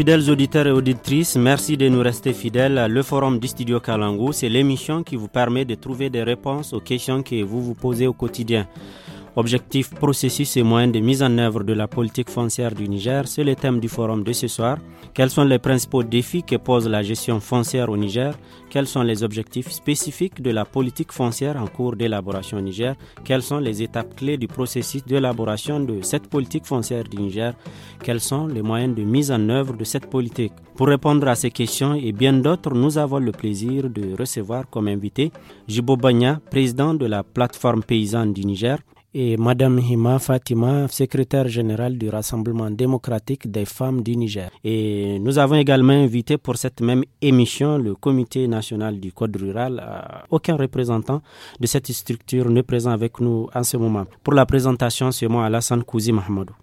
Fidèles auditeurs et auditrices, merci de nous rester fidèles. Le forum du studio Kalangu, c'est l'émission qui vous permet de trouver des réponses aux questions que vous vous posez au quotidien. « Objectifs, processus et moyens de mise en œuvre de la politique foncière du Niger, c'est le thème du forum de ce soir. Quels sont les principaux défis que pose la gestion foncière au Niger Quels sont les objectifs spécifiques de la politique foncière en cours d'élaboration au Niger Quelles sont les étapes clés du processus d'élaboration de cette politique foncière du Niger Quels sont les moyens de mise en œuvre de cette politique Pour répondre à ces questions et bien d'autres, nous avons le plaisir de recevoir comme invité Jibo Bagna, président de la plateforme paysanne du Niger et Madame Hima Fatima, secrétaire générale du Rassemblement démocratique des femmes du Niger. Et nous avons également invité pour cette même émission le Comité national du Code rural. Euh, aucun représentant de cette structure n'est présent avec nous en ce moment. Pour la présentation, c'est moi Alassane Kouzi Mahmoudou.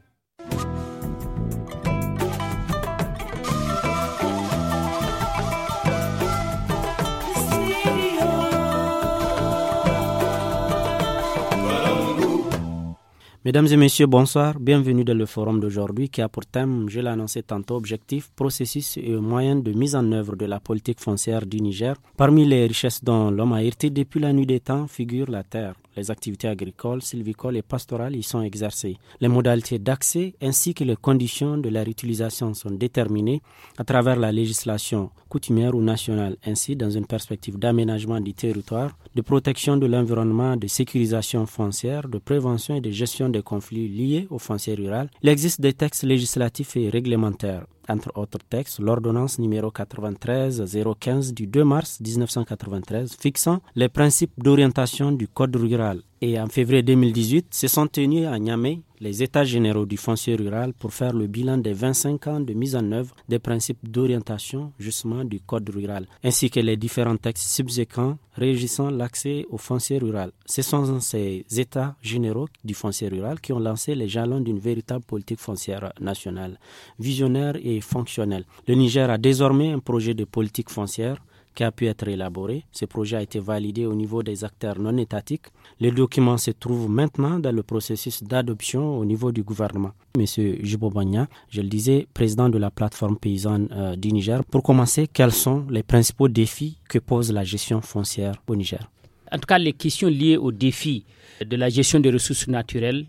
Mesdames et messieurs, bonsoir. Bienvenue dans le forum d'aujourd'hui qui a pour thème, je l'ai annoncé tantôt, objectif, processus et moyens de mise en œuvre de la politique foncière du Niger. Parmi les richesses dont l'homme a hérité depuis la nuit des temps figure la terre. Les activités agricoles, sylvicoles et pastorales y sont exercées. Les modalités d'accès ainsi que les conditions de leur utilisation sont déterminées à travers la législation coutumière ou nationale. Ainsi, dans une perspective d'aménagement du territoire, de protection de l'environnement, de sécurisation foncière, de prévention et de gestion des conflits liés aux foncier rurales, il existe des textes législatifs et réglementaires entre autres textes, l'ordonnance numéro 93-015 du 2 mars 1993 fixant les principes d'orientation du Code rural et en février 2018, se sont tenus à Niamey les États généraux du foncier rural pour faire le bilan des 25 ans de mise en œuvre des principes d'orientation justement du Code rural, ainsi que les différents textes subséquents régissant l'accès au foncier rural. Ce sont ces États généraux du foncier rural qui ont lancé les jalons d'une véritable politique foncière nationale, visionnaire et fonctionnelle. Le Niger a désormais un projet de politique foncière qui a pu être élaboré. Ce projet a été validé au niveau des acteurs non étatiques les documents se trouvent maintenant dans le processus d'adoption au niveau du gouvernement. Monsieur Jubobania, je le disais, président de la plateforme paysanne euh, du Niger, pour commencer, quels sont les principaux défis que pose la gestion foncière au Niger En tout cas, les questions liées aux défis de la gestion des ressources naturelles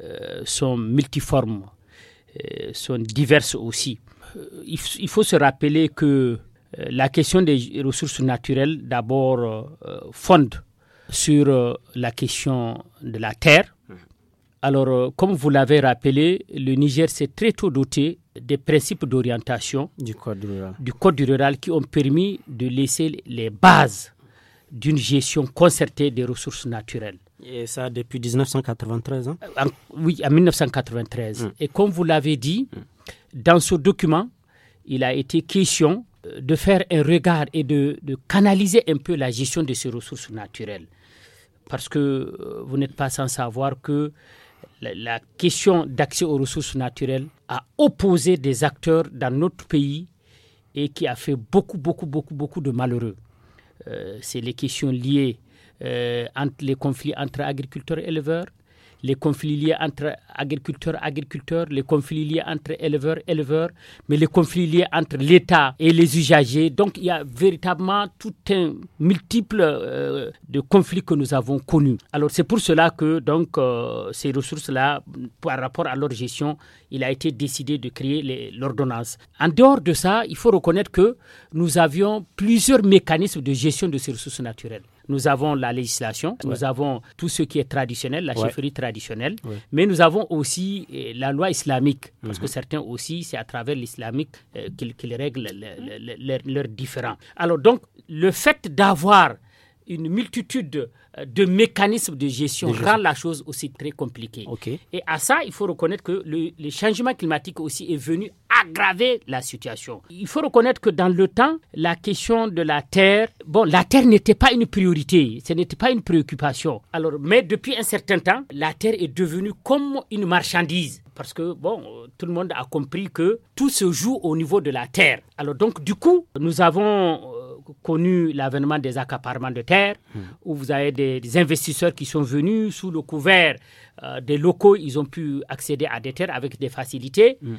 euh, sont multiformes, euh, sont diverses aussi. il, faut se rappeler que la question des ressources naturelles, d'abord, fonde sur euh, la question de la terre. Mm-hmm. Alors, euh, comme vous l'avez rappelé, le Niger s'est très tôt doté des principes d'orientation du, du code rural qui ont permis de laisser les bases d'une gestion concertée des ressources naturelles. Et ça depuis 1993 hein? Oui, en 1993. Mm. Et comme vous l'avez dit, mm. dans ce document, il a été question de faire un regard et de, canaliser un peu la gestion de ces ressources naturelles. Parce que euh, vous n'êtes pas sans savoir que la, question d'accès aux ressources naturelles a opposé des acteurs dans notre pays et qui a fait beaucoup, beaucoup, beaucoup, beaucoup de malheureux. Euh, c'est les questions liées euh, entre les conflits entre agriculteurs et éleveurs, les conflits liés entre agriculteurs, agriculteurs, les conflits liés entre éleveurs, éleveurs, mais les conflits liés entre l'État et les usagers. Donc il y a véritablement tout un multiple euh, de conflits que nous avons connus. Alors c'est pour cela que donc euh, ces ressources-là, par rapport à leur gestion, il a été décidé de créer l'ordonnance. En dehors de ça, il faut reconnaître que nous avions plusieurs mécanismes de gestion de ces ressources naturelles nous avons la législation, nous avons tout ce qui est traditionnel, la ouais. chefferie traditionnelle, mais nous avons aussi eh, la loi islamique, parce que mhm. certains aussi, c'est à travers l'islamique euh, qu'ils règlent leurs différends. Alors donc, le fait d'avoir une multitude euh, de mécanismes de gestion rend la chose aussi très compliquée. Et à ça, il faut reconnaître que le, le, changement climatique aussi est venu aggraver la situation. Il faut reconnaître que dans le temps, la question de la terre, bon, la terre n'était pas une priorité, ce n'était pas une préoccupation. Alors, mais depuis un certain temps, la terre est devenue comme une marchandise parce que bon, euh, tout le monde a compris que tout se joue au niveau de la terre. Alors donc du coup, nous avons euh, connu l'avènement des accaparements de terres, hmm. où vous avez des, investisseurs qui sont venus sous le couvert euh, des locaux, ils ont pu accéder à des terres avec des facilités. Hmm.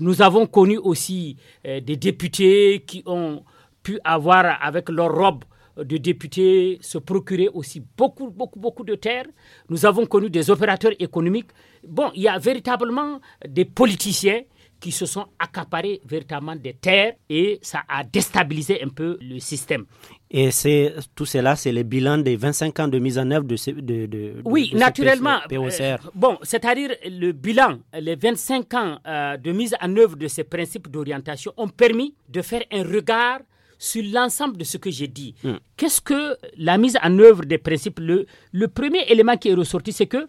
Nous avons connu aussi euh, des députés qui ont pu avoir avec leur robe de député se procurer aussi beaucoup, beaucoup, beaucoup de terres. Nous avons connu des opérateurs économiques. Bon, il y a véritablement des politiciens qui se sont accaparés véritablement des terres et ça a déstabilisé un peu le système. Et c'est tout cela, c'est le bilan des 25 ans de mise en œuvre de ces de, de, Oui, naturellement. Euh, bon, c'est-à-dire le bilan, les 25 ans euh, de mise en œuvre de ces principes d'orientation ont permis de faire un regard sur l'ensemble de ce que j'ai dit. Hmm. Qu'est-ce que la mise en œuvre des principes le, le premier élément qui est ressorti, c'est que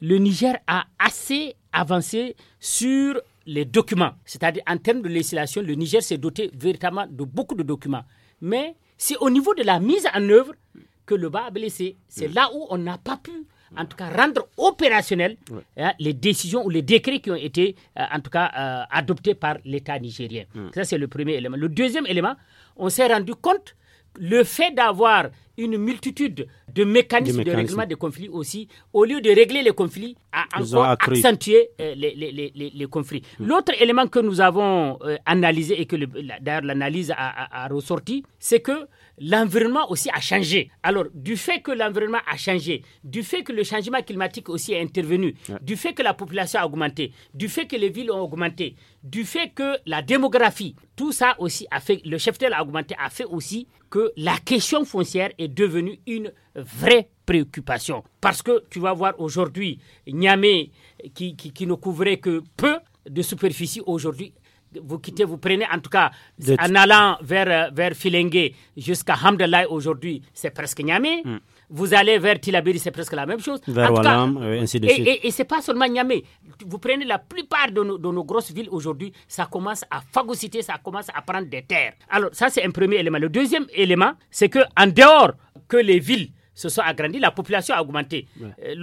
le Niger a assez avancé sur les documents. C'est-à-dire en termes de législation, le Niger s'est doté véritablement de beaucoup de documents. Mais c'est au niveau de la mise en œuvre que le bas a blessé. C'est là où on n'a pas pu en tout cas rendre opérationnel hein, les décisions ou les décrets qui ont été euh, en tout cas euh, adoptés par l'État nigérien. Hmm. Ça c'est le premier élément. Le deuxième élément, on s'est rendu compte le fait d'avoir une multitude de mécanismes, de, règlement des conflits aussi, au lieu de régler les conflits, a encore accentué euh, les, conflits. Mm. L'autre élément que nous avons euh, analysé et que d'ailleurs l'analyse a, ressorti, c'est que l'environnement aussi a changé. Alors, du fait que l'environnement a changé, du fait que le changement climatique aussi est intervenu, du fait que la population a augmenté, du fait que les villes ont augmenté, du fait que la démographie, tout ça aussi a fait, le chef a augmenté, a fait aussi que la question foncière est devenue une vraie préoccupation. Parce que tu vas voir aujourd'hui, Niamey, qui, qui ne couvrait que peu de superficie, aujourd'hui vous quittez, vous prenez en tout cas en allant vers, euh, vers jusqu'à Hamdallah aujourd'hui, c'est presque Niamey. Hmm. Vous allez vers Tilabiri, c'est presque la même chose. Vers en ainsi de suite. Et, et, ce n'est pas seulement Niamey. Vous prenez la plupart de nos, de nos grosses villes aujourd'hui, ça commence à phagocyter, ça commence à prendre des terres. Alors, ça, c'est un premier élément. Le deuxième élément, c'est qu'en dehors que les villes se sont agrandies, la population a augmenté. Euh,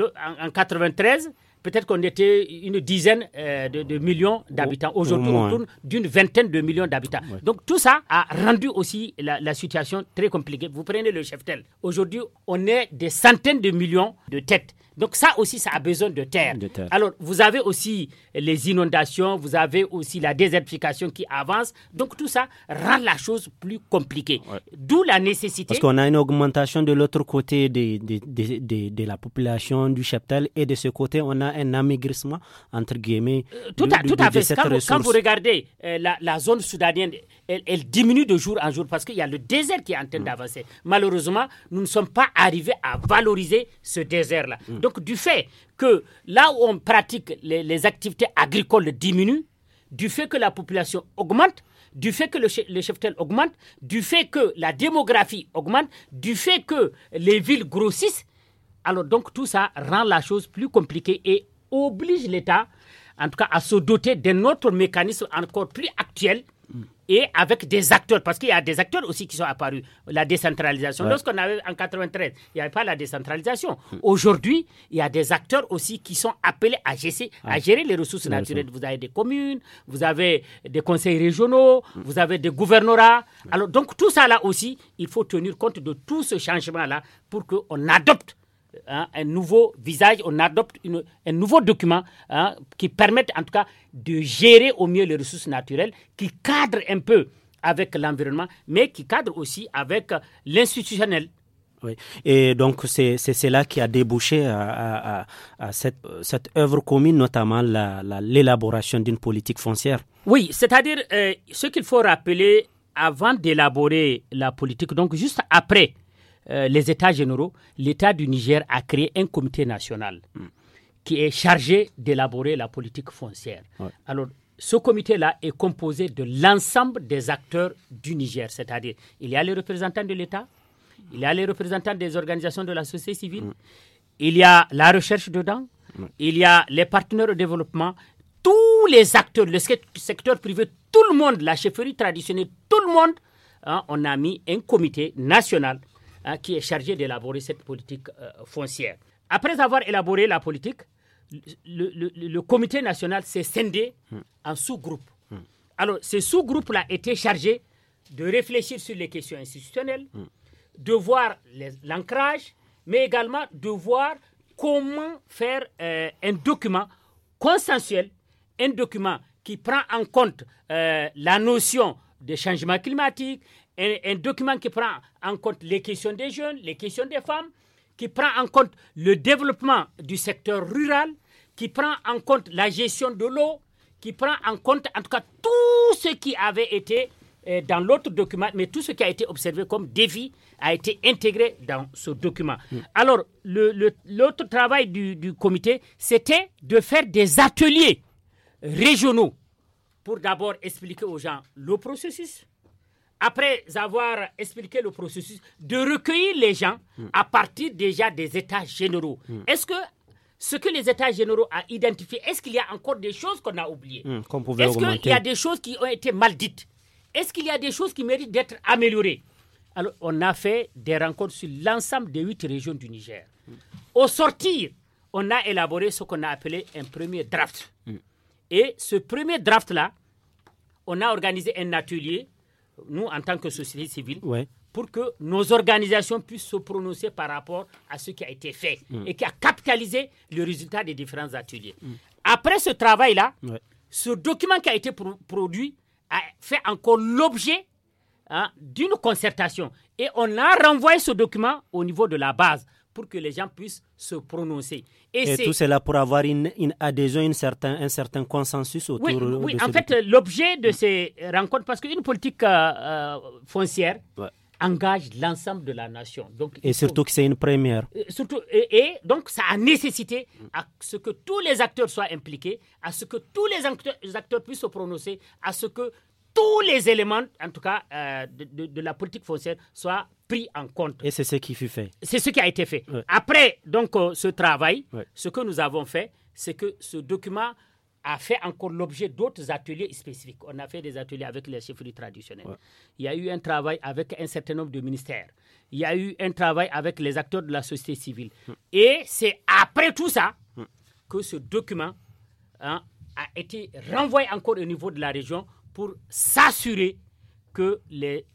en, en 93, peut-être qu'on était une dizaine euh, de, millions d'habitants. Oh, Aujourd'hui, on tourne d'une vingtaine de millions d'habitants. Donc tout ça a rendu aussi la, la, situation très compliquée. Vous prenez le Cheftel. Aujourd'hui, on est des centaines de millions de têtes. Donc ça aussi, ça a besoin de terre. Alors, vous avez aussi les inondations, vous avez aussi la désertification qui avance. Donc tout ça rend la chose plus compliquée. D'où la nécessité... Parce qu'on a une augmentation de l'autre côté de, la population du cheptel et de ce côté, on a un amaigrissement, entre guillemets. Euh, tout, à, tout à fait. Quand vous, regardez euh, la, zone soudanienne, elle, diminue de jour en jour parce qu'il y a le désert qui est en train mm. d'avancer. Malheureusement, nous ne sommes pas arrivés à valoriser ce désert-là. Mm. Donc du fait que là où on pratique les, activités agricoles diminuent, du fait que la population augmente, du fait que le, le, augmente, du fait que la démographie augmente, du fait que les villes grossissent. Alors donc tout ça rend la chose plus compliquée et oblige l'État, en tout cas, à se doter d'un autre mécanisme encore plus actuel et avec des acteurs, parce qu'il y a des acteurs aussi qui sont apparus. La décentralisation. Lorsqu'on avait en 93, il n'y avait pas la décentralisation. Aujourd'hui, il y a des acteurs aussi qui sont appelés à, gérer, les ressources naturelles. Vous avez des communes, vous avez des conseils régionaux, vous avez des gouvernorats. Alors, donc, tout ça là aussi, il faut tenir compte de tout ce changement là pour qu'on adopte Hein, un nouveau visage, on adopte une, un nouveau document hein, qui permette en tout cas de gérer au mieux les ressources naturelles, qui cadre un peu avec l'environnement, mais qui cadre aussi avec l'institutionnel. Oui. Et donc, c'est cela qui a débouché à, cette, cette, œuvre commune, notamment l'élaboration d'une politique foncière. Oui, c'est-à-dire, euh, ce qu'il faut rappeler avant d'élaborer la politique, donc juste après euh, les États généraux, l'État du Niger a créé un comité national qui est chargé d'élaborer la politique foncière. Alors, ce comité-là est composé de l'ensemble des acteurs du Niger, c'est-à-dire il y a les représentants de l'État, il y a les représentants des organisations de la société civile, mm. il y a la recherche dedans, il y a les partenaires au développement, tous les acteurs, le secteur privé, tout le monde, la chefferie traditionnelle, tout le monde, hein, on a mis un comité national Hein, qui est chargé d'élaborer cette politique euh, foncière. Après avoir élaboré la politique, le, comité national s'est scindé hmm. en sous-groupes. Hmm. Alors, ces sous-groupes-là étaient chargés de réfléchir sur les questions institutionnelles, hmm. de voir l'ancrage, mais également de voir comment faire euh, un document consensuel, un document qui prend en compte euh, la notion de changement climatique, un, document qui prend en compte les questions des jeunes, les questions des femmes, qui prend en compte le développement du secteur rural, qui prend en compte la gestion de l'eau, qui prend en compte en tout cas tout ce qui avait été euh, dans l'autre document, mais tout ce qui a été observé comme défi a été intégré dans ce document. Mm. Alors, l'autre travail du comité, c'était de faire des ateliers régionaux pour d'abord expliquer aux gens le processus, après avoir expliqué le processus, de recueillir les gens à partir déjà des états généraux. Hmm. Est-ce que ce que les états généraux ont identifié, est-ce qu'il y a encore des choses qu'on a oubliées hmm, Est-ce qu'il y a des choses qui ont été mal dites Est-ce qu'il y a des choses qui méritent d'être améliorées Alors, on a fait des rencontres sur l'ensemble des huit régions du Niger. Hmm. Au sortir, on a élaboré ce qu'on a appelé un premier draft. Et ce premier draft-là, on a organisé un atelier nous, en tant que société civile, pour que nos organisations puissent se prononcer par rapport à ce qui a été fait mm. et qui a capitalisé le résultat des différents ateliers. Mm. Après ce travail-là, ce document qui a été produit a fait encore l'objet hein, d'une concertation. Et on a renvoyé ce document au niveau de la base pour que les gens puissent se prononcer. Et, tout cela pour avoir une, adhésion, un certain consensus autour de oui. Oui, en fait, l'objet de ces rencontres, parce qu'une politique euh, euh, foncière, engage l'ensemble de la nation. et surtout que c'est une première. Euh, surtout, et, donc, ça a nécessité à ce que tous les acteurs soient impliqués, à ce que tous les acteurs puissent se prononcer, à ce que tous les éléments, en tout cas, euh, de, la politique foncière soient pris en compte. Et c'est ce qui fut fait. C'est ce qui a été fait. Après donc euh, ce travail, ce que nous avons fait, c'est que ce document a fait encore l'objet d'autres ateliers spécifiques. On a fait des ateliers avec les chefferies traditionnels. Il y a eu un travail avec un certain nombre de ministères. Il y a eu un travail avec les acteurs de la société civile. Hmm. Et c'est après tout ça hmm. que ce document hein, a été renvoyé encore au niveau de la région pour s'assurer que les,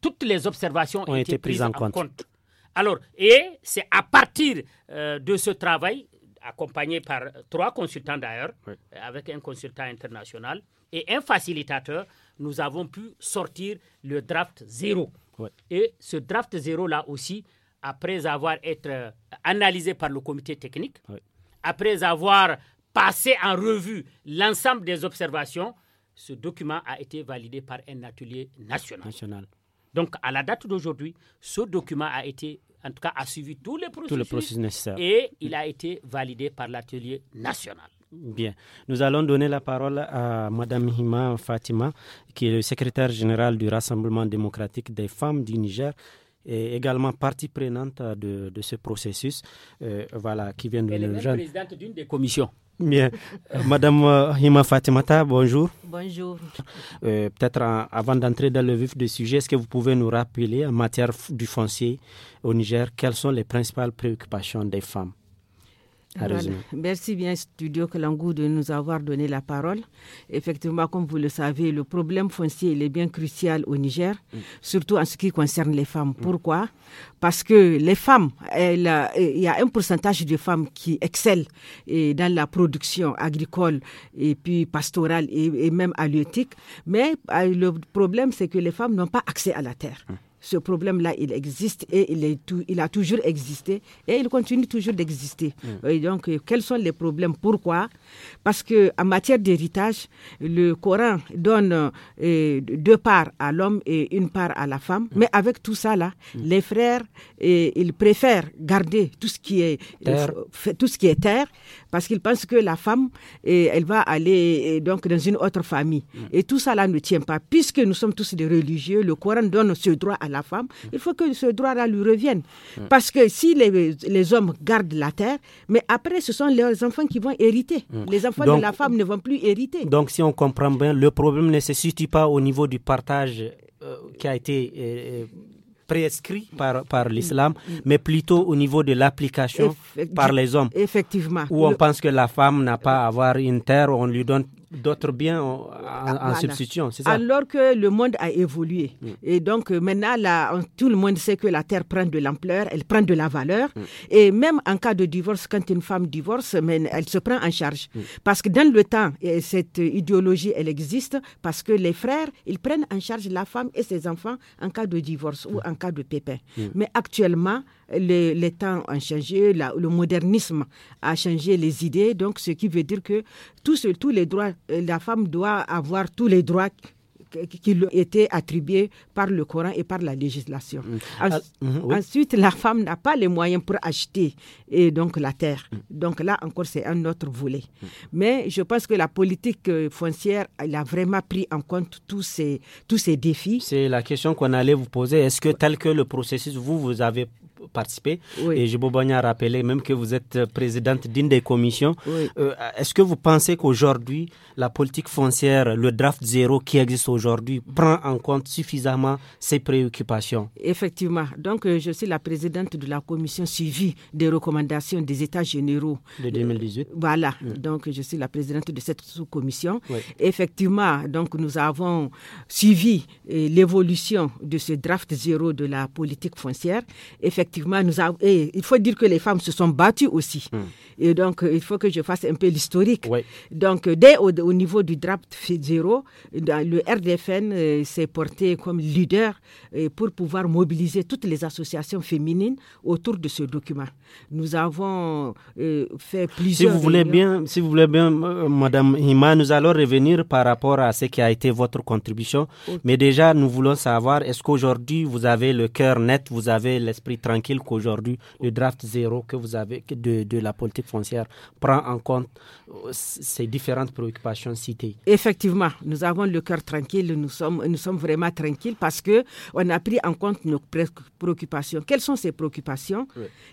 toutes les observations ont été, prises, en, compte. Alors, et c'est à partir euh, de ce travail, accompagné par trois consultants d'ailleurs, avec un consultant international et un facilitateur, nous avons pu sortir le draft zéro. Et ce draft zéro-là aussi, après avoir été euh, analysé par le comité technique, après avoir passé en revue l'ensemble des observations, ce document a été validé par un atelier national. national. Donc, à la date d'aujourd'hui, ce document a été, en tout cas, a suivi tous les processus, nécessaires. Et il a été validé par l'atelier national. Bien. Nous allons donner la parole à Mme Hima Fatima, qui est le secrétaire général du Rassemblement démocratique des femmes du Niger et également partie prenante de, ce processus, euh, voilà, qui vient de Elle est présidente d'une des commissions. Bien. Madame Hima euh, Fatimata, bonjour. Bonjour. Euh, peut-être euh, avant d'entrer dans le vif du sujet, est-ce que vous pouvez nous rappeler en matière du foncier au Niger, quelles sont les principales préoccupations des femmes Merci bien Studio Kalangou de nous avoir donné la parole. Effectivement, comme vous le savez, le problème foncier est bien crucial au Niger, mm. surtout en ce qui concerne les femmes. Mm. Pourquoi Parce que les femmes, il y a un pourcentage de femmes qui excellent dans la production agricole et puis pastorale et, même halieutique. Mais euh, le problème, c'est que les femmes n'ont pas accès à la terre. Mm ce problème-là, il existe et il, est il a toujours existé et il continue toujours d'exister. Mm. donc, euh, quels sont les problèmes Pourquoi Parce que en matière d'héritage, le Coran donne euh, deux parts à l'homme et une part à la femme. Mm. Mais avec tout ça, là, mm. les frères, euh, ils préfèrent garder tout ce qui est terre, tout ce qui est terre parce qu'ils pensent que la femme, elle va aller donc dans une autre famille. Et tout ça, là, ne tient pas. Puisque nous sommes tous des religieux, le Coran donne ce droit à la femme, il faut que ce droit-là lui revienne. Parce que si les, hommes gardent la terre, mais après, ce sont leurs enfants qui vont hériter. Les enfants de la femme ne vont plus hériter. Donc, si on comprend bien, le problème ne se situe pas au niveau du partage euh, qui a été... Euh, euh, prescrit par, par l'islam, mais plutôt au niveau de l'application par les hommes. Effectivement. Où on pense que la femme n'a pas à avoir une terre, on lui donne d'autres biens en, substitution c'est ça Alors que le monde a évolué. Et donc euh, maintenant, tout le monde sait que la terre prend de l'ampleur, elle prend de la valeur. Et même en cas de divorce, quand une femme divorce, elle se prend en charge. Parce que dans le temps, cette idéologie, elle existe parce que les frères, ils prennent en charge la femme et ses enfants en cas de divorce ou en cas de pépin. Mais actuellement, les, temps ont changé, le modernisme a changé les idées, donc ce qui veut dire que tous les droits euh, la femme doit avoir tous les droits qui lui étaient attribués par le Coran et par la législation. Mm. Ah, mm-hmm, ensuite, la femme n'a pas les moyens pour acheter et donc la terre. Mm. Donc là encore, c'est un autre volet. Mm. Mais je pense que la politique euh, foncière, elle a vraiment pris en compte tous ces, tous ces défis. C'est la question qu'on allait vous poser. Est-ce que tel que le processus, vous, vous avez participer. Et je Bogna a rappelé même que vous êtes euh, présidente d'une des commissions. Euh, est-ce que vous pensez qu'aujourd'hui, la politique foncière, le draft zéro qui existe aujourd'hui, prend en compte suffisamment ces préoccupations Effectivement. Donc, euh, je suis la présidente de la commission suivie des recommandations des États généraux. De 2018. voilà. Mm. Donc, je suis la présidente de cette sous-commission. Effectivement, donc, nous avons suivi l'évolution de ce draft zéro de la politique foncière. Effectivement, il faut dire que les femmes se sont battues aussi. Hmm. Et donc, euh, il faut que je fasse un peu l'historique. Donc, euh, dès au, niveau du draft zéro, le RDFN euh, s'est porté comme leader pour pouvoir mobiliser toutes les associations féminines autour de ce document. Nous avons fait plusieurs. Si vous voulez bien, si vous voulez bien, Madame Hima, nous allons revenir par rapport à ce qui a été votre contribution. Mais déjà, nous voulons savoir est-ce qu'aujourd'hui vous avez le cœur net, vous avez l'esprit tranquille qu'aujourd'hui, le draft zéro que vous avez de, de la politique foncière prend en compte euh, ces différentes préoccupations citées. Effectivement, nous avons le cœur tranquille, nous sommes, nous sommes vraiment tranquilles parce qu'on a pris en compte nos préoccupations. Quelles sont ces préoccupations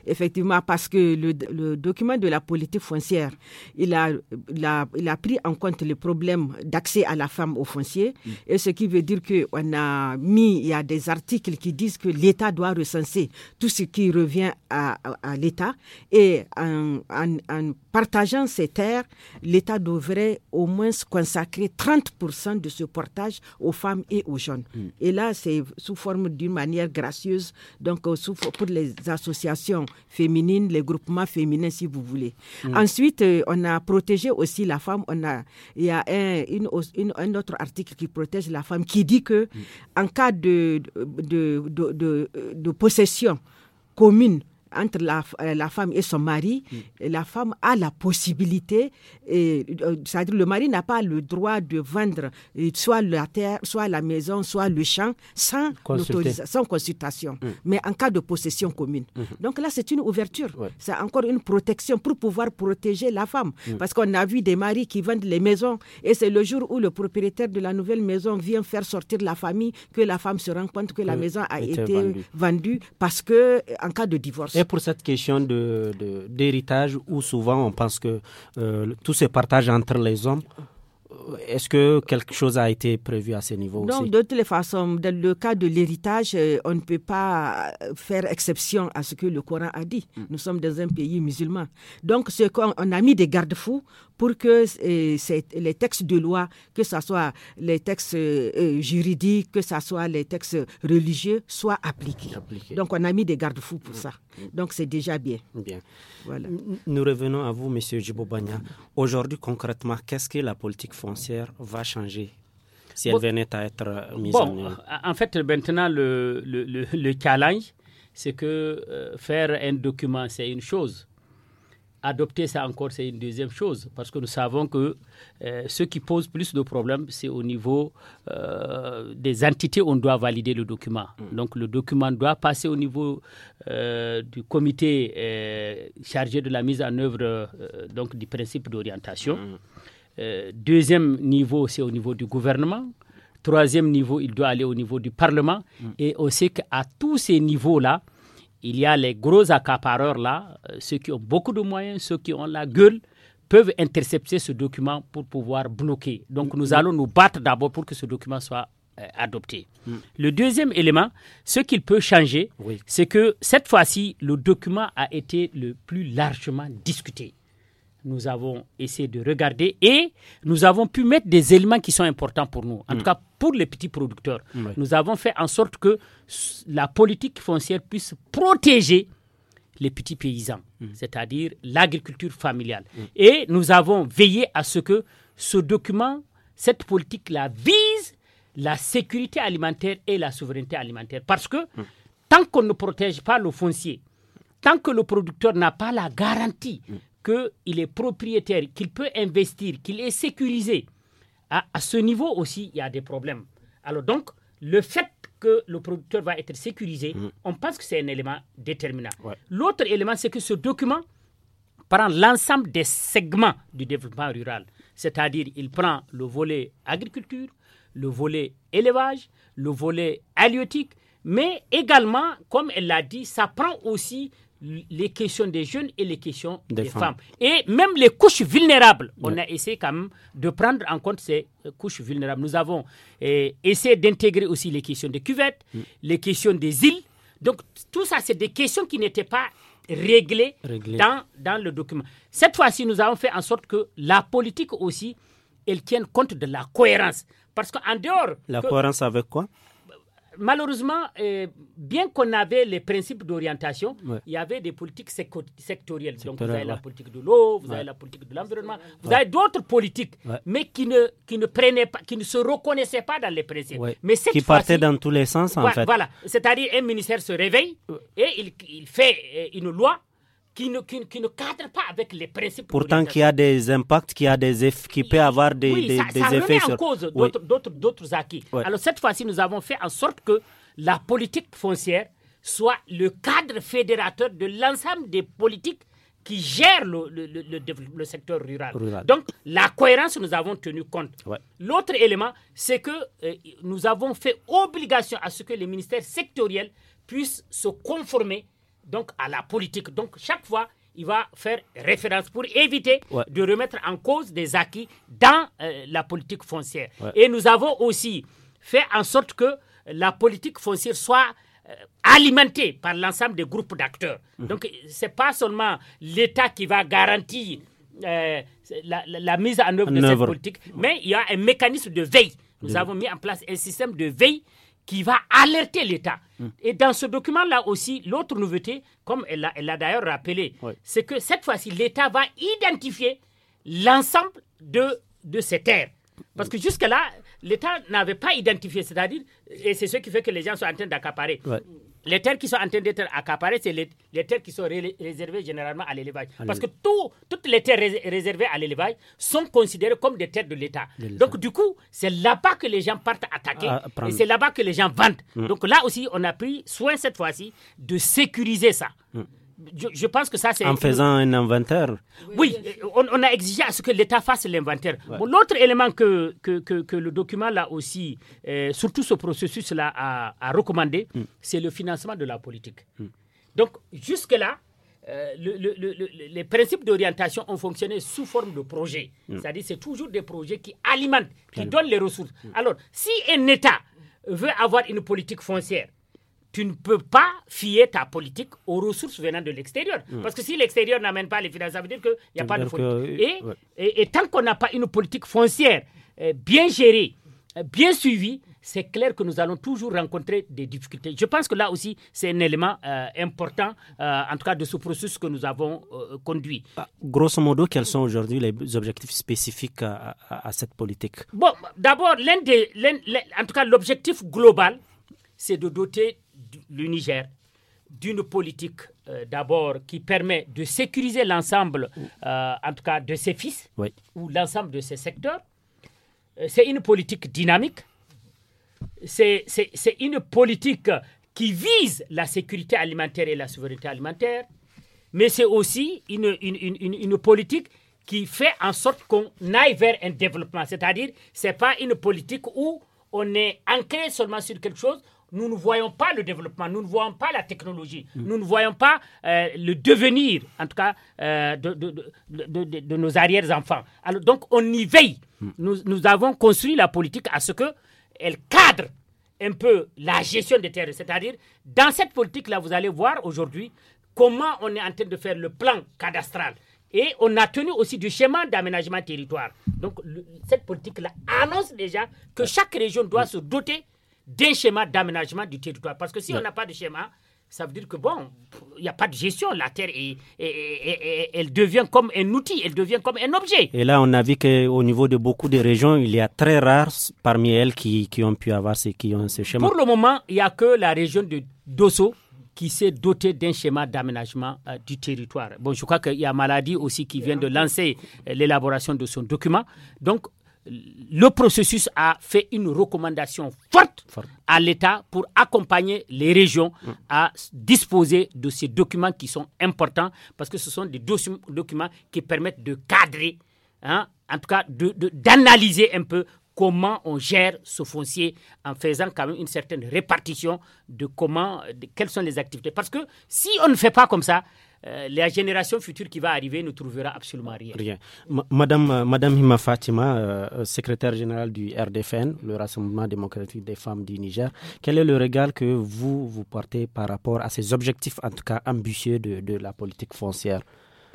Effectivement, parce que le, document de la politique foncière, il a, il a, pris en compte le problème d'accès à la femme au foncier, mm. et ce qui veut dire qu'on a mis, il y a des articles qui disent que l'État doit recenser tous ce qui revient à, l'État. Et en, partageant ces terres, l'État devrait au moins consacrer 30% de ce portage aux femmes et aux jeunes. Hmm. Et là, c'est sous forme d'une manière gracieuse, donc euh, pour les associations féminines, les groupements féminins, si vous voulez. Hmm. Ensuite, euh, on a protégé aussi la femme. On a, il y a un, autre article qui protège la femme qui dit que hmm. en cas de possession commune entre la, euh, la, femme et son mari, mm. la femme a la possibilité, euh, c'est-à-dire le mari n'a pas le droit de vendre euh, soit la terre, soit la maison, soit le champ sans, sans consultation, mm. mais en cas de possession commune. Mm-hmm. Donc là, c'est une ouverture, c'est encore une protection pour pouvoir protéger la femme. Mm. Parce qu'on a vu des maris qui vendent les maisons et c'est le jour où le propriétaire de la nouvelle maison vient faire sortir la famille que la femme se rend compte que la maison a été vendue. parce que en cas de divorce pour cette question d'héritage de, d'héritage où souvent on pense que euh, tout se partage entre les hommes. Euh, est-ce que quelque chose a été prévu à ce niveau Donc, de toutes les façons, dans le cas de l'héritage, euh, on ne peut pas faire exception à ce que le Coran a dit. Mm. Nous sommes dans un pays musulman. Donc, on qu'on a mis des garde-fous pour que euh, les textes de loi, que ce soit les textes euh, euh, juridiques, que ce soit les textes religieux, soient appliqués. Donc on a mis des garde-fous pour ça. Donc c'est déjà bien. Bien. Nous revenons à vous, Monsieur Djibobanya. Aujourd'hui, concrètement, qu'est-ce que la politique foncière va changer si elle venait à être mise en œuvre En fait, maintenant, le, le, c'est que faire un document, c'est une chose adopter ça encore, c'est une deuxième chose, parce que nous savons que euh, ce qui pose plus de problèmes, c'est au niveau euh, des entités où on doit valider le document. Mm. Donc le document doit passer au niveau euh, du comité chargé de la mise en œuvre donc du principe d'orientation. Mm. deuxième niveau, c'est au niveau du gouvernement. Troisième niveau, il doit aller au niveau du Parlement. Mm. Et on sait qu'à tous ces niveaux-là, il y a les gros accapareurs là, euh, ceux qui ont beaucoup de moyens, ceux qui ont la gueule, peuvent intercepter ce document pour pouvoir bloquer. Donc mm, nous mm. allons nous battre d'abord pour que ce document soit euh, adopté. Mm. Le deuxième élément, ce qu'il peut changer, c'est que cette fois-ci, le document a été le plus largement discuté nous avons essayé de regarder et nous avons pu mettre des éléments qui sont importants pour nous, en mm. tout cas pour les petits producteurs. Nous avons fait en sorte que la politique foncière puisse protéger les petits paysans, mm. c'est-à-dire l'agriculture familiale. Mm. Et nous avons veillé à ce que ce document, cette politique-là, vise la sécurité alimentaire et la souveraineté alimentaire. Parce que tant qu'on ne protège pas le foncier, tant que le producteur n'a pas la garantie qu'il est propriétaire, qu'il peut investir, qu'il est sécurisé. À, ce niveau aussi, il y a des problèmes. Alors donc, le fait que le producteur va être sécurisé, mm. on pense que c'est un élément déterminant. L'autre élément, c'est que ce document prend l'ensemble des segments du développement rural. C'est-à-dire, il prend le volet agriculture, le volet élevage, le volet halieutique, mais également, comme elle l'a dit, ça prend aussi les questions des jeunes et les questions des, femmes. Et même les couches vulnérables, on a essayé quand même de prendre en compte ces euh, couches vulnérables. Nous avons eh, essayé d'intégrer aussi les questions des cuvettes, mm. les questions des îles. Donc tout ça, c'est des questions qui n'étaient pas réglées dans, le document. Cette fois-ci, nous avons fait en sorte que la politique aussi, elle tienne compte de la cohérence. Parce qu'en dehors... La cohérence avec quoi malheureusement, euh, bien qu'on avait les principes d'orientation, il y avait des politiques sectorielles. Donc, vous avez la politique de l'eau, vous avez la politique de l'environnement, vous avez d'autres politiques, mais qui ne, qui, ne prenaient pas, qui ne se reconnaissaient pas dans les principes. Mais qui partaient dans tous les sens, en fait. Voilà. C'est-à-dire, un ministère se réveille et il, il fait euh, une loi qui ne, qui, cadre pas avec les principes. Pourtant, qu'il y a des impacts, qu'il a des effets, qui peut avoir des, effets sur... en cause d'autres acquis. Alors cette fois-ci, nous avons fait en sorte que la politique foncière soit le cadre fédérateur de l'ensemble des politiques qui gèrent le, le, secteur rural. Donc, la cohérence, nous avons tenu compte. L'autre élément, c'est que euh, nous avons fait obligation à ce que les ministères sectoriels puissent se conformer donc à la politique. Donc chaque fois, il va faire référence pour éviter de remettre en cause des acquis dans euh, la politique foncière. Et nous avons aussi fait en sorte que la politique foncière soit euh, alimentée par l'ensemble des groupes d'acteurs. Mhm. Donc ce n'est pas seulement l'État qui va garantir euh, la, mise en œuvre de cette politique, mais il y a un mécanisme de veille. Nous avons mis en place un système de veille qui va alerter l'État. Hmm. Et dans ce document-là aussi, l'autre nouveauté, comme elle l'a d'ailleurs rappelé, c'est que cette fois-ci, l'État va identifier l'ensemble de, de ces terres. Parce que jusque-là, l'État n'avait pas identifié, c'est-à-dire, et c'est ce qui fait que les gens sont en train d'accaparer les terres qui sont en train d'être accaparées, c'est les, terres qui sont réservées généralement à l'élevage. Parce que toutes les terres réservées à l'élevage sont considérées comme des terres de l'État. Donc, du coup, c'est là-bas que les gens partent attaquer ah, et c'est là-bas que les gens vendent. Mmh. Donc, là aussi, on a pris soin cette fois-ci de sécuriser ça. Mmh je, pense que ça c'est... En faisant un inventaire. Oui, euh, on, a exigé à ce que l'État fasse l'inventaire. L'autre élément que que, que, le document là aussi, euh, surtout ce processus-là a, recommandé, mm. c'est le financement de la politique. Mm. Donc jusque-là, euh, les principes d'orientation ont fonctionné sous forme de projets. Mm. C'est-à-dire c'est toujours des projets qui alimentent, qui donnent les ressources. Alors, si un État veut avoir une politique foncière, tu ne peux pas fier ta politique aux ressources venant de l'extérieur. Mm. Parce que si l'extérieur n'amène pas les finances, ça veut dire qu'il n'y a pas de politique. Et, tant qu'on n'a pas une politique foncière euh, bien gérée, euh, bien suivie, c'est clair que nous allons toujours rencontrer des difficultés. Je pense que là aussi, c'est un élément euh, important, en tout cas, de ce processus que nous avons conduit. Ah, grosso modo, quels sont aujourd'hui les objectifs spécifiques à, cette politique Bon, d'abord, l'un des, en tout cas, l'objectif global, c'est de doter le Niger d'une politique euh, d'abord qui permet de sécuriser l'ensemble, euh, en tout cas de ses fils, ou l'ensemble de ses secteurs. Euh, c'est une politique dynamique. C'est une politique qui vise la sécurité alimentaire et la souveraineté alimentaire. Mais c'est aussi une, une, politique qui fait en sorte qu'on aille vers un développement. C'est-à-dire, ce n'est pas une politique où on est ancré seulement sur quelque chose, nous ne voyons pas le développement, nous ne voyons pas la technologie, mm. nous ne voyons pas euh, le devenir, en tout cas, euh, de, de, de, de, nos arrières-enfants. Alors, donc, on y veille. Mm. Nous, nous, avons construit la politique à ce que elle cadre un peu la gestion des terres. C'est-à-dire, dans cette politique-là, vous allez voir aujourd'hui comment on est en train de faire le plan cadastral. Et on a tenu aussi du schéma d'aménagement territoire. Donc, cette politique-là annonce déjà que chaque région doit mm. se doter d'un schéma d'aménagement du territoire. Parce que si on n'a pas de schéma, ça veut dire que bon, il n'y a pas de gestion. La terre, elle devient comme un outil, elle devient comme un objet. Et là, on a vu qu'au niveau de beaucoup de régions, il y a très rares parmi elles qui, ont pu avoir qui ont ce schéma. Pour le moment, il n'y a que la région de Dosso qui s'est dotée d'un schéma d'aménagement euh, du territoire. Bon, je crois qu'il y a Maladi aussi qui vient de lancer euh, l'élaboration de son document. Donc, le processus a fait une recommandation forte, à l'État pour accompagner les régions mm. à disposer de ces documents qui sont importants parce que ce sont des documents qui permettent de cadrer, hein, en tout cas d'analyser un peu comment on gère ce foncier en faisant quand même une certaine répartition de comment, de, quelles sont les activités. Parce que si on ne fait pas comme ça, euh, la génération future qui va arriver ne trouvera absolument rien. Rien. Madame, euh, Madame Hima Fatima, euh, secrétaire générale du RDFN, le Rassemblement démocratique des femmes du Niger, quel est le regard que vous, vous portez par rapport à ces objectifs, en tout cas ambitieux, de, de la politique foncière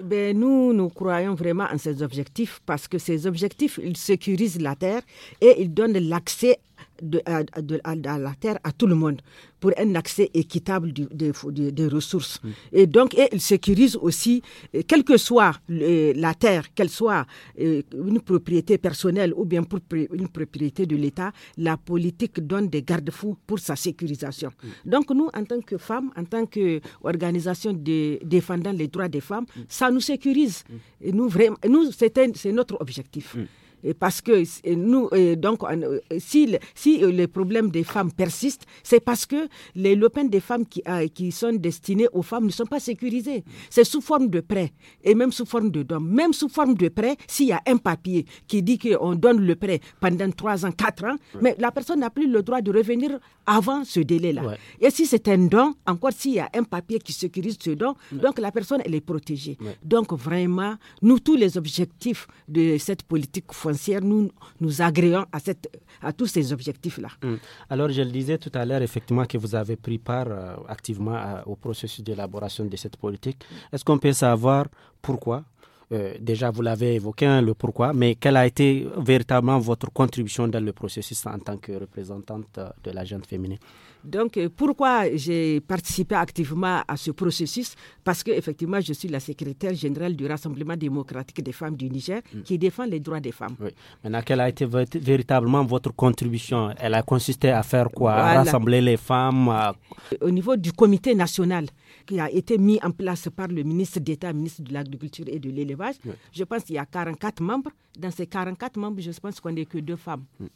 ben nous, nous croyons vraiment en ces objectifs parce que ces objectifs, ils sécurisent la terre et ils donnent l'accès de, à, de, la terre à tout le monde pour un accès équitable des ressources. Et donc, et il sécurise aussi, euh, quelle que soit euh, la terre, qu'elle soit euh, une propriété personnelle ou bien une propriété de l'État, la politique donne des garde-fous pour sa sécurisation. Donc, nous, en tant que femmes, en tant qu'organisation défendant les droits des femmes, ça nous sécurise. nous, nous c'est notre objectif. Et parce que nous, donc, euh, si, si euh, les problèmes des femmes persistent, c'est parce que les lopins des femmes qui, euh, qui sont destinées aux femmes ne sont pas sécurisées. C'est sous forme de prêt et même sous forme de don. Même sous forme de prêt, s'il y a un papier qui dit qu'on donne le prêt pendant 3 ans, 4 ans, mais la personne n'a plus le droit de revenir avant ce délai-là. Et si c'est un don, encore s'il y a un papier qui sécurise ce don, donc la personne, elle est protégée. Donc vraiment, nous, tous les objectifs de cette politique nous nous agréons à, tous ces objectifs-là. Mm. Alors, je le disais tout à l'heure, effectivement, que vous avez pris part euh, activement au processus d'élaboration de cette politique. Est-ce qu'on peut savoir pourquoi euh, déjà, vous l'avez évoqué, hein, le pourquoi, mais quelle a été véritablement votre contribution dans le processus en tant que représentante euh, de la féminine donc, euh, pourquoi j'ai participé activement à ce processus Parce que, effectivement, je suis la secrétaire générale du Rassemblement démocratique des femmes du Niger mm. qui défend les droits des femmes. Oui. Maintenant, quelle a été véritablement votre contribution Elle a consisté à faire quoi rassembler les femmes euh, Au niveau du comité national qui a été mis en place par le ministre d'État, ministre de l'Agriculture et de l'Élevage, je pense qu'il y a 44 membres. Dans ces 44 membres, je pense qu'on n'est que deux femmes. Mm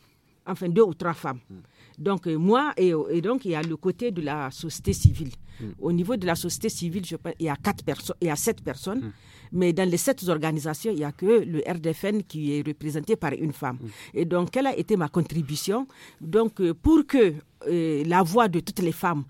enfin deux ou trois femmes. Hmm. Donc euh, moi, et, donc il y a le côté de la société civile. Hmm. Au niveau de la société civile, je pense, il y a quatre personnes, et à sept personnes, hmm. mais dans les sept organisations, il n'y a que le RDFN qui est représenté par une femme. Et donc, quelle a été ma contribution Donc, euh, pour que euh, la voix de toutes les femmes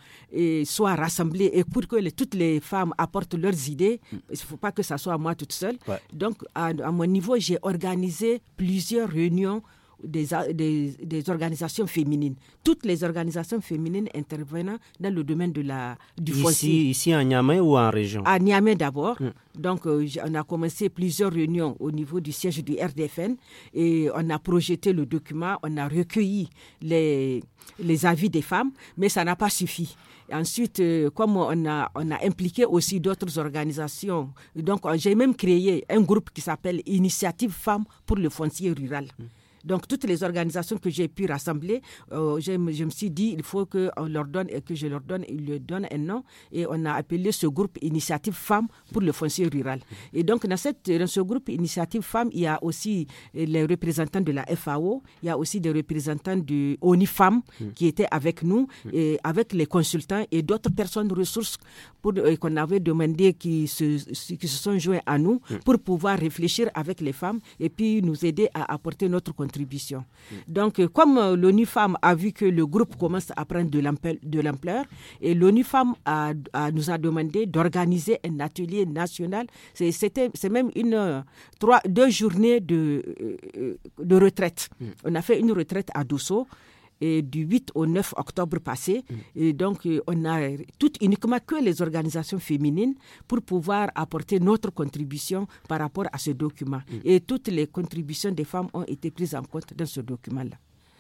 soit rassemblée et pour que toutes les femmes apportent leurs idées. Il ne faut pas que ce soit moi toute seule. Donc, à, mon niveau, j'ai organisé plusieurs réunions des, des, organisations féminines. Toutes les organisations féminines intervenant dans le domaine de la, du foncier. Ici à Niamey ou en région À Niamey d'abord. Mm. Donc, euh, on a commencé plusieurs réunions au niveau du siège du RDFN et on a projeté le document, on a recueilli les, les avis des femmes, mais ça n'a pas suffi. ensuite, euh, comme on a, on a impliqué aussi d'autres organisations, donc j'ai même créé un groupe qui s'appelle Initiative Femmes pour le foncier rural. Mm. Donc toutes les organisations que j'ai pu rassembler, euh, je, me suis dit il faut que leur donne et que je leur donne, ils donnent un nom et on a appelé ce groupe Initiative Femmes pour le foncier rural. Et donc dans, cette, ce groupe Initiative Femmes, il y a aussi euh, les représentants de la FAO, il y a aussi des représentants du ONI Femmes mm. qui étaient avec nous mm. et avec les consultants et d'autres personnes ressources euh, qu'on avait demandé qui se, qui se sont joints à nous mm. pour pouvoir réfléchir avec les femmes et puis nous aider à apporter notre contribution donc, comme l'ONU Femmes a vu que le groupe commence à prendre de l'ampleur, et l'ONU Femmes nous a demandé d'organiser un atelier national. C'est même une, trois, deux journées de, euh, de retraite. Mm. On a fait une retraite à Dosso et du 8 au 9 octobre passé. Mm. Et donc, euh, on a tout uniquement que les organisations féminines pour pouvoir apporter notre contribution par rapport à ce document. Mm. Et toutes les contributions des femmes ont été prises en compte dans ce document-là.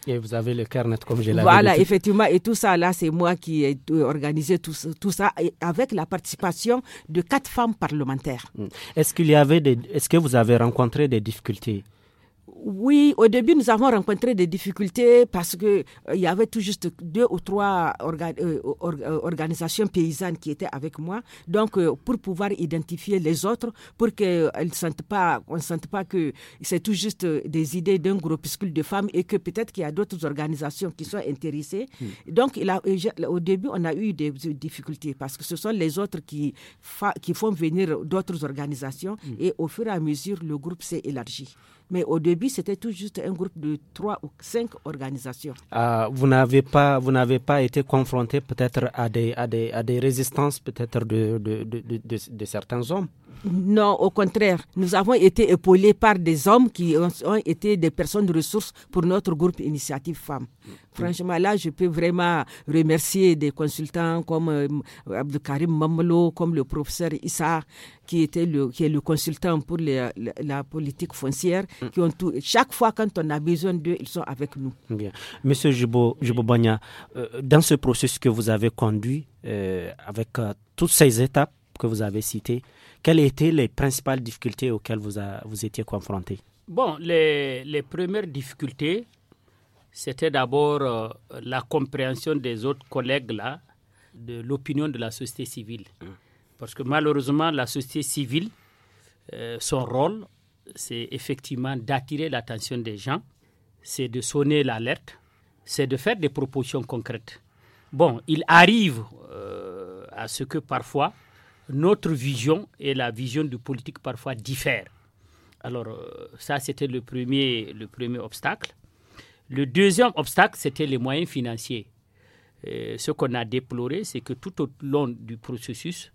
Et vous avez le carnet comme je l'avais Voilà, effectivement. Et tout ça, là, c'est moi qui ai euh, organisé tout, ça avec la participation de quatre femmes parlementaires. Mm. Est-ce qu'il y avait des, est-ce que vous avez rencontré des difficultés oui, au début, nous avons rencontré des difficultés parce que euh, il y avait tout juste deux ou trois euh, euh, organisations paysannes qui étaient avec moi. Donc, pour pouvoir identifier les autres, pour qu'elles ne sentent pas, qu'on sente pas que c'est tout juste des idées d'un groupuscule de femmes et que peut-être qu'il y a d'autres organisations qui sont intéressées. Hmm. Donc, au début, on a eu des, difficultés parce que ce sont les autres qui, qui font venir d'autres organisations hmm. et au fur et à mesure, le groupe s'est élargi. Mais au début, c'était tout juste un groupe de trois ou cinq organisations. Ah, vous n'avez pas, pas été confronté peut-être à des, à des, à des résistances peut-être de certains hommes non, au contraire. Nous avons été épaulés par des hommes qui ont, été des personnes de ressources pour notre groupe Initiative Femmes. Franchement, là, je peux vraiment remercier des consultants comme euh, Abdelkarim Mamelo, comme le professeur Issa, qui, était le, qui est le consultant pour la, politique foncière, qui ont tout. Chaque fois, quand on a besoin d'eux, ils sont avec nous. Monsieur Jibo, euh, dans ce processus que vous avez conduit, euh, avec euh, toutes ces étapes que vous avez citées, quelles étaient les principales difficultés auxquelles vous, vous étiez confronté Bon, les, les premières difficultés, c'était d'abord euh, la compréhension des autres collègues là, de l'opinion de la société civile. Hein. Parce que malheureusement, la société civile, euh, son rôle, c'est effectivement d'attirer l'attention des gens, c'est de sonner l'alerte, c'est de faire des propositions concrètes. Bon, il arrive euh, à ce que parfois notre vision et la vision du politique parfois diffèrent. Alors, euh, ça, c'était le premier, le premier obstacle. Le deuxième obstacle, c'était les moyens financiers. Euh, ce qu'on a déploré, c'est que tout au long du processus,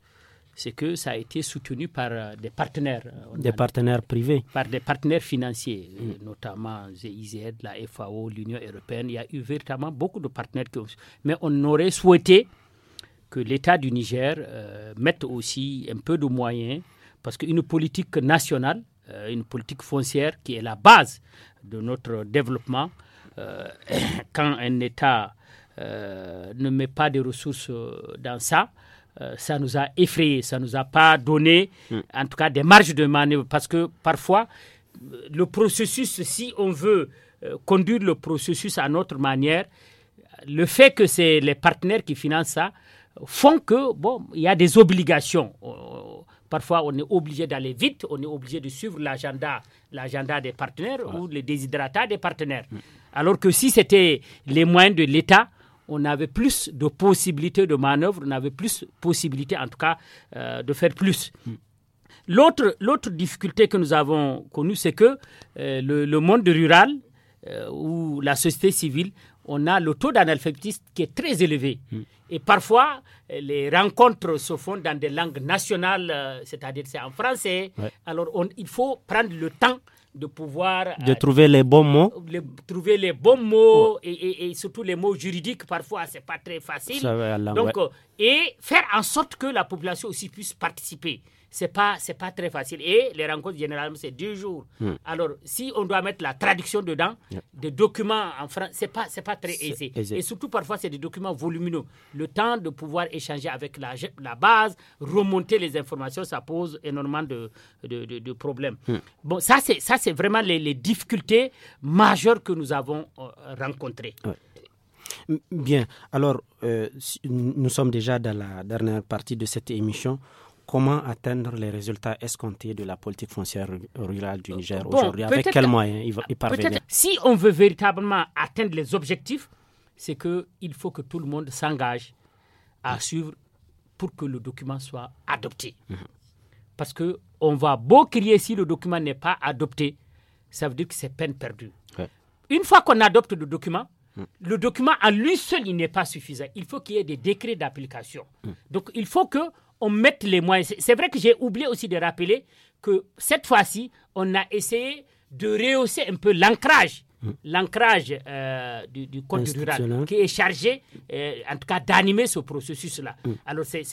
c'est que ça a été soutenu par euh, des partenaires. Des partenaires privés. Par des partenaires financiers, mm. notamment GIZ, la FAO, l'Union européenne. Il y a eu véritablement beaucoup de partenaires Mais on aurait souhaité que l'État du Niger euh, mette aussi un peu de moyens, parce qu'une politique nationale, euh, une politique foncière qui est la base de notre développement, euh, quand un État ne met pas de ressources dans ça, ça nous a effrayés, ça nous a pas donné, hmm. en tout cas, des marges de manœuvre, parce que parfois, le processus, si on veut conduire le processus à notre manière, le fait que c'est les partenaires qui financent ça, font que, bon, il y a des obligations. Euh, parfois, on est obligé d'aller vite, on est obligé de suivre l'agenda, l'agenda des partenaires ou les déshydratats des partenaires. Alors que si c'était les moyens de l'État, on avait plus de possibilités de manœuvre, on avait plus de possibilités, en tout cas, euh, de faire plus. Mm. L'autre, l'autre difficulté que nous avons connue, c'est que euh, le, monde rural ou la société civile on a le taux d'analphabétisme qui est très élevé. Hmm. Et parfois, les rencontres se font dans des langues nationales, euh, c'est-à-dire c'est en français. Alors, il faut prendre le temps de pouvoir... Euh, de trouver les bons mots. trouver les bons mots et, surtout les mots juridiques, parfois, c'est pas très facile. Euh, et faire en sorte que la population aussi puisse participer c'est pas c'est pas très facile. Et les rencontres généralement c'est deux jours. Hmm. Alors si on doit mettre la traduction dedans, des documents en français, c'est pas c'est pas très aisé. Et surtout parfois c'est des documents volumineux. Le temps de pouvoir échanger avec la, la base, remonter les informations, ça pose énormément de de, de, problèmes. Hmm. Bon ça c'est ça c'est vraiment les, les, difficultés majeures que nous avons euh, rencontrées. Bien, alors euh, nous sommes déjà dans la dernière partie de cette émission comment atteindre les résultats escomptés de la politique foncière rurale du Niger aujourd'hui Avec quels moyens il, Si on veut véritablement atteindre les objectifs, c'est qu'il faut que tout le monde s'engage à mm. suivre pour que le document soit adopté. Mm-hmm. Parce que on va beau crier si le document n'est pas adopté, ça veut dire que c'est peine perdue. Une fois qu'on adopte le document, mm. le document à lui seul, il n'est pas suffisant. Il faut qu'il y ait des décrets d'application. Mm. Donc il faut que on met les moyens. C'est vrai que j'ai oublié aussi de rappeler que cette fois-ci, on a essayé de rehausser un peu l'ancrage mm. l'ancrage euh, du, du code rural qui est chargé, euh, en tout cas, d'animer ce processus-là. Mm. Alors, c'est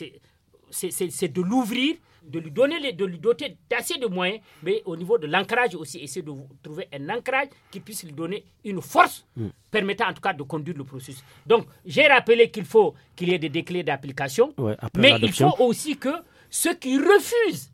c'est de l'ouvrir, de lui donner, les, de lui doter d'assez de moyens, mais au niveau de l'ancrage aussi, essayer de trouver un ancrage qui puisse lui donner une force mm. permettant en tout cas de conduire le processus. Donc, j'ai rappelé qu'il faut qu'il y ait des déclés d'application, mais il faut aussi que ceux qui refusent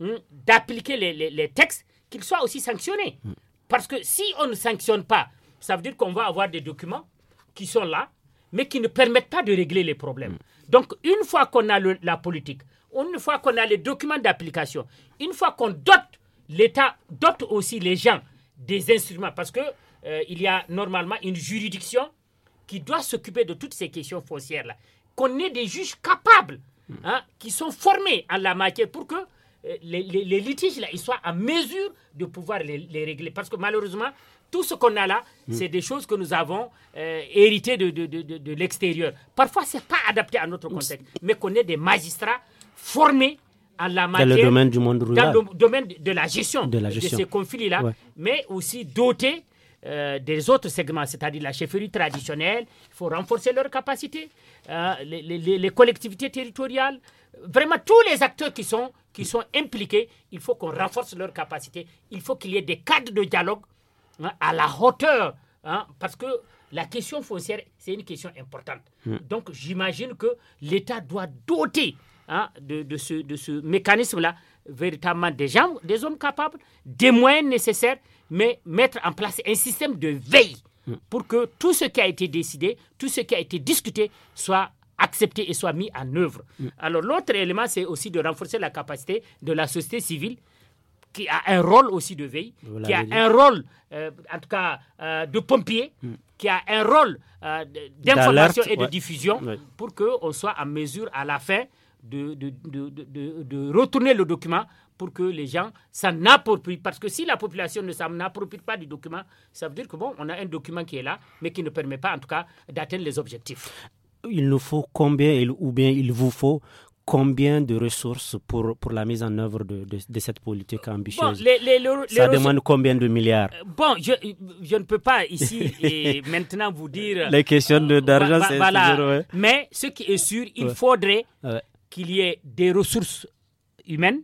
hmm, d'appliquer les, textes, qu'ils soient aussi sanctionnés. Mm. Parce que si on ne sanctionne pas, ça veut dire qu'on va avoir des documents qui sont là, mais qui ne permettent pas de régler les problèmes. Donc, une fois qu'on a la politique, une fois qu'on a les documents d'application, une fois qu'on dote, l'État dote aussi les gens des instruments, parce que euh, y a normalement une juridiction qui doit s'occuper de toutes ces questions foncières-là. Qu'on ait des juges capables, hein, qui sont formés en la matière pour que euh, les, litiges, là, ils soient en mesure de pouvoir les régler. Parce que malheureusement, tout ce qu'on a là, mm. c'est des choses que nous avons euh, héritées de, de, l'extérieur. Parfois, ce n'est pas adapté à notre contexte, mais qu'on ait des magistrats formés à la matière. Dans le domaine du monde domaine de la gestion de, ces conflits-là, mais aussi dotés euh, des autres segments, c'est-à-dire la chefferie traditionnelle. Il faut renforcer leurs capacités, euh, les, collectivités territoriales vraiment tous les acteurs qui sont, qui sont impliqués, il faut qu'on renforce leurs capacités, il faut qu'il y ait des cadres de dialogue Hein, à la hauteur, hein, parce que la question foncière, c'est une question importante. Hmm. Donc j'imagine que l'État doit doter hein, de, ce, de ce mécanisme-là véritablement des gens, des hommes capables, des moyens nécessaires, mais mettre en place un système de veille hmm. pour que tout ce qui a été décidé, tout ce qui a été discuté soit accepté et soit mis en œuvre. Hmm. Alors l'autre élément, c'est aussi de renforcer la capacité de la société civile qui a un rôle aussi de veille, qui a un rôle, en tout cas, de pompier, qui a un rôle d'information et de diffusion pour qu'on soit en mesure à la fin de, de, retourner le document pour que les gens s'en approprient. Parce que si la population ne s'en approprie pas du document, ça veut dire que bon, on a un document qui est là, mais qui ne permet pas, en tout cas, d'atteindre les objectifs il nous faut combien ou bien il vous faut combien de ressources pour, pour la mise en œuvre de, de, cette politique ambitieuse Ça demande combien de milliards euh, Bon, je, je, ne peux pas ici et maintenant vous dire... Les questions euh, d'argent, c'est voilà. Mais ce qui est sûr, il faudrait qu'il y ait des ressources humaines,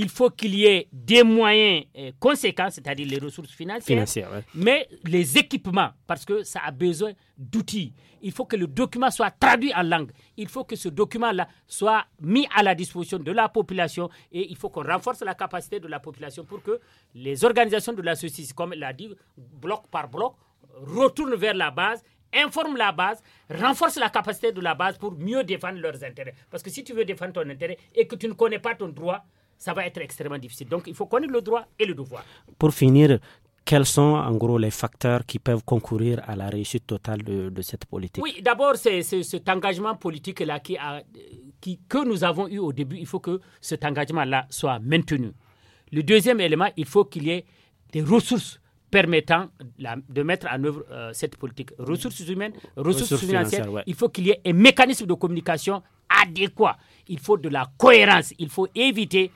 il faut qu'il y ait des moyens euh, conséquents, c'est-à-dire les ressources financières, mais les équipements, parce que ça a besoin d'outils. Il faut que le document soit traduit en langue. Il faut que ce document-là soit mis à la disposition de la population et il faut qu'on renforce la capacité de la population pour que les organisations de la société, comme elle l'a dit, bloc par bloc, retournent vers la base informe la base, renforce la capacité de la base pour mieux défendre leurs intérêts. Parce que si tu veux défendre ton intérêt et que tu ne connais pas ton droit, ça va être extrêmement difficile. Donc il faut connaître le droit et le devoir. Pour finir, quels sont en gros les facteurs qui peuvent concourir à la réussite totale de, cette politique Oui, d'abord, c'est cet engagement politique-là qui, qui que nous avons eu au début. Il faut que cet engagement-là soit maintenu. Le deuxième élément, il faut qu'il y ait des ressources permettant de mettre en œuvre euh, cette politique. Ressources humaines, ressources, financières, il faut qu'il y ait un mécanisme de communication adéquat. Il faut de la cohérence. Il faut éviter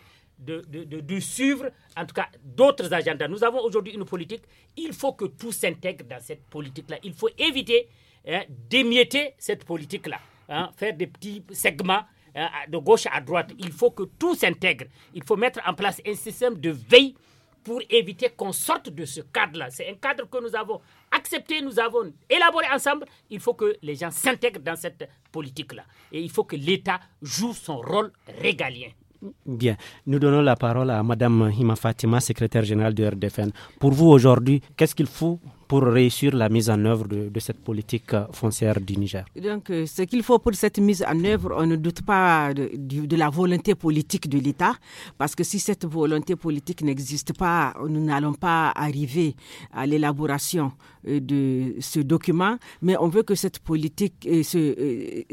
de, suivre, en tout cas, d'autres agendas. Nous avons aujourd'hui une politique. Il faut que tout s'intègre dans cette politique-là. Il faut éviter hein, d'émietter cette politique-là, hein, faire des petits segments hein, de gauche à droite. Il faut que tout s'intègre. Il faut mettre en place un système de veille pour éviter qu'on sorte de ce cadre-là. C'est un cadre que nous avons accepté, nous avons élaboré ensemble. Il faut que les gens s'intègrent dans cette politique-là. Et il faut que l'État joue son rôle régalien. Bien. Nous donnons la parole à Madame Hima Fatima, secrétaire générale du RDFN. Pour vous aujourd'hui, qu'est-ce qu'il faut pour réussir la mise en œuvre de, cette politique euh, foncière du Niger. Donc, euh, ce qu'il faut pour cette mise en œuvre, on ne doute pas de, la volonté politique de l'État, parce que si cette volonté politique n'existe pas, nous n'allons pas arriver à l'élaboration euh, de ce document, mais on veut que cette politique, ce,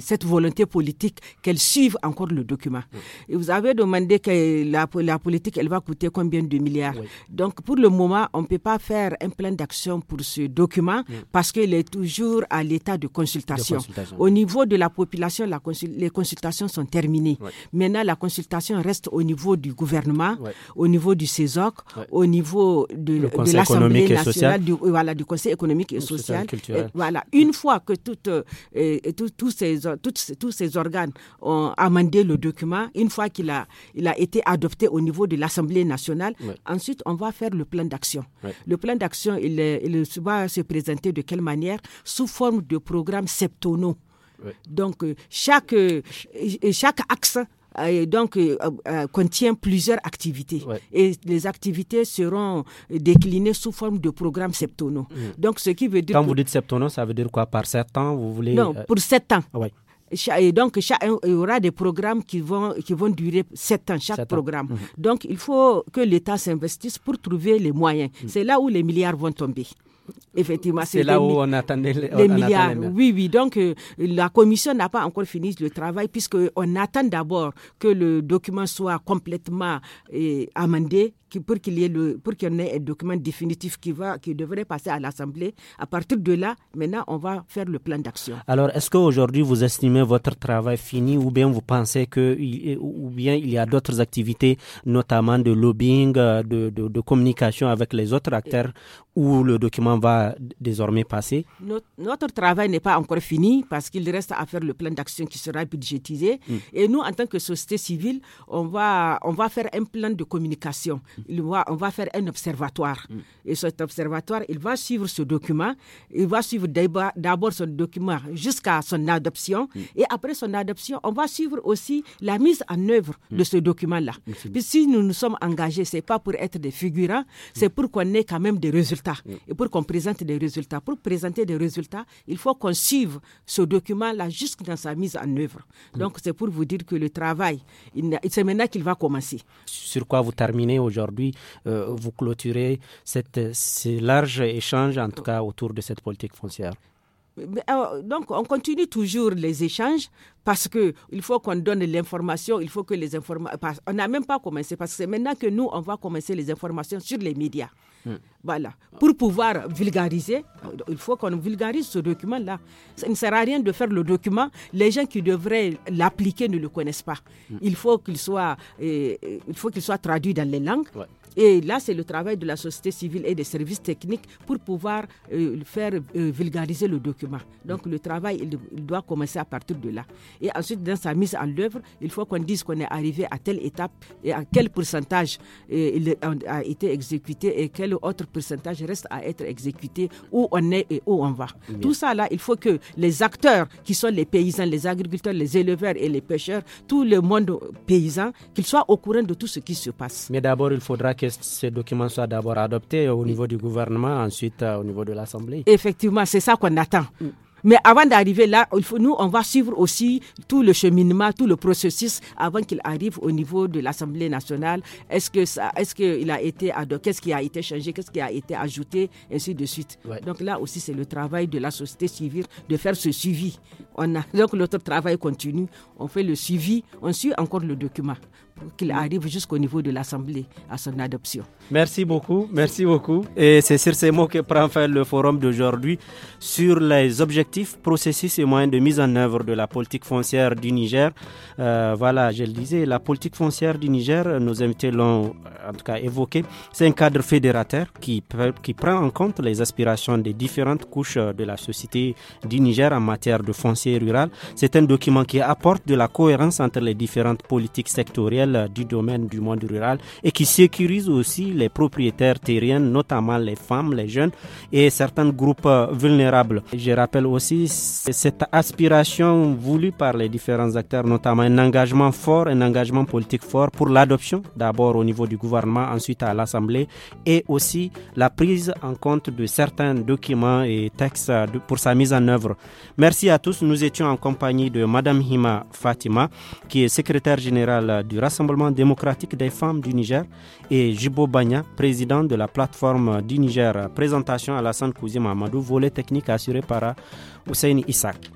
cette volonté politique, qu'elle suive encore le document. Et vous avez demandé que la, la, politique, elle va coûter combien de milliards. Donc, pour le moment, on ne peut pas faire un plan d'action pour ce document parce qu'il est toujours à l'état de consultation. Au niveau de la population, les consultations sont terminées. Maintenant, la consultation reste au niveau du gouvernement, au niveau du CESOC, au niveau de, l'Assemblée nationale, du, euh, voilà, du Conseil économique et social. voilà. Une fois que euh, ces, tous ces organes ont amendé le document, une fois qu'il a, il a été adopté au niveau de l'Assemblée nationale, ensuite on va faire le plan d'action. Le plan d'action, il il va se présenter de quelle manière Sous forme de programmes septonaux. Donc, euh, chaque, euh, chaque axe euh, donc contient plusieurs activités et les activités seront déclinées sous forme de programmes septonaux. Mm. Donc ce qui veut dire quand vous dites septonaux, ça veut dire quoi par sept ans vous voulez Non, pour sept ans. Ouais. Et donc, euh, il y aura des programmes qui vont, qui vont durer sept ans, chaque programme. Mhm. Donc, il faut que l'État s'investisse pour trouver les moyens. Mhm. C'est là où les milliards vont tomber. Effectivement, c'est là où on attendait les, milliards. oui, oui. Donc, euh, la commission n'a pas encore fini le travail puisque on attend d'abord que le document soit complètement euh, amendé pour qu'il y ait le, pour ait un document définitif qui va, qui devrait passer à l'Assemblée. À partir de là, maintenant, on va faire le plan d'action. Alors, est-ce qu'aujourd'hui vous estimez votre travail fini ou bien vous pensez que, ou bien il y a d'autres activités, notamment de lobbying, euh, de, de, communication avec les autres acteurs où le document va désormais passer? Notre, travail n'est pas encore fini parce qu'il reste à faire le plan d'action qui sera budgétisé. Mm. Et nous, en tant que société civile, on va, on va faire un plan de communication on va faire un observatoire. Mm. Et cet observatoire, il va suivre ce document, il va suivre d'abord ce document jusqu'à son adoption, mm. et après son adoption, on va suivre aussi la mise en œuvre de mm. ce document-là. Puis si nous nous sommes engagés, c'est pas pour être des figurants, c'est pour qu'on ait quand même des résultats, et pour qu'on présente des résultats. Pour présenter des résultats, il faut qu'on suive ce document-là jusqu'à dans sa mise en œuvre. Donc c'est pour vous dire que le travail, c'est maintenant qu'il va commencer. Sur quoi vous terminez aujourd'hui aujourd'hui, euh, vous clôturez cette, euh, ce large échange, en tout euh, cas, autour de cette politique foncière donc, on continue toujours les échanges parce que il faut qu'on donne l'information, il faut que les informations. On n'a même pas commencé parce que c'est maintenant que nous, on va commencer les informations sur les médias. Hmm. Voilà. Pour pouvoir vulgariser, euh, il faut qu'on vulgarise ce document-là. Ça ne sert à rien de faire le document. Les gens qui devraient l'appliquer ne le connaissent pas. Hmm. Il faut qu'il soit, euh, euh, il faut qu'il soit traduit dans les langues. Et là, c'est le travail de la société civile et des services techniques pour pouvoir euh, faire euh, vulgariser le document. Donc le travail, il, doit commencer à partir de là. Et ensuite, dans sa mise en œuvre, il faut qu'on dise qu'on est arrivé à telle étape et à quel pourcentage euh, il a été exécuté et quel autre pourcentage reste à être exécuté, où on est et où on va. Tout ça, là, il faut que les acteurs, qui sont les paysans, les agriculteurs, les éleveurs et les pêcheurs, tout le monde paysan, qu'ils soient au courant de tout ce qui se passe. Mais d'abord, il faudra que que ces documents soient d'abord adopté au niveau du gouvernement, ensuite euh, au niveau de l'Assemblée. Effectivement, c'est ça qu'on attend. Mais avant d'arriver là, il faut, nous, on va suivre aussi tout le cheminement, tout le processus avant qu'il arrive au niveau de l'Assemblée nationale. Est-ce que ça, est-ce qu'il a été adopté, qu'est-ce qui a été changé, qu'est-ce qui a été ajouté, ainsi de suite. Donc là aussi, c'est le travail de la société civile de faire ce suivi. On a, donc notre travail continue. On fait le suivi, on suit encore le document qu'il arrive jusqu'au niveau de l'Assemblée à son adoption. Merci beaucoup, merci beaucoup. Et c'est sur ces mots que prend fin le forum d'aujourd'hui sur les objectifs, processus et moyens de mise en œuvre de la politique foncière du Niger. Euh, voilà, je le disais, la politique foncière du Niger, nos invités l'ont euh, en tout cas évoqué, c'est un cadre fédérateur qui, qui prend en compte les aspirations des différentes couches euh, de la société du Niger en matière de foncier rural. C'est un document qui apporte de la cohérence entre les différentes politiques sectorielles du domaine du monde rural et qui sécurise aussi les propriétaires terriens, notamment les femmes, les jeunes et certains groupes vulnérables. Je rappelle aussi cette aspiration voulue par les différents acteurs, notamment un engagement fort, un engagement politique fort pour l'adoption, d'abord au niveau du gouvernement, ensuite à l'Assemblée, et aussi la prise en compte de certains documents et textes pour sa mise en œuvre. Merci à tous. Nous étions en compagnie de Madame Hima Fatima, qui est secrétaire générale du RAS Rassemblement démocratique des femmes du Niger, et Jibo Banya, président de la plateforme du Niger. Présentation à la sainte cousine Mamadou, volet technique assuré par Hussein Isaac.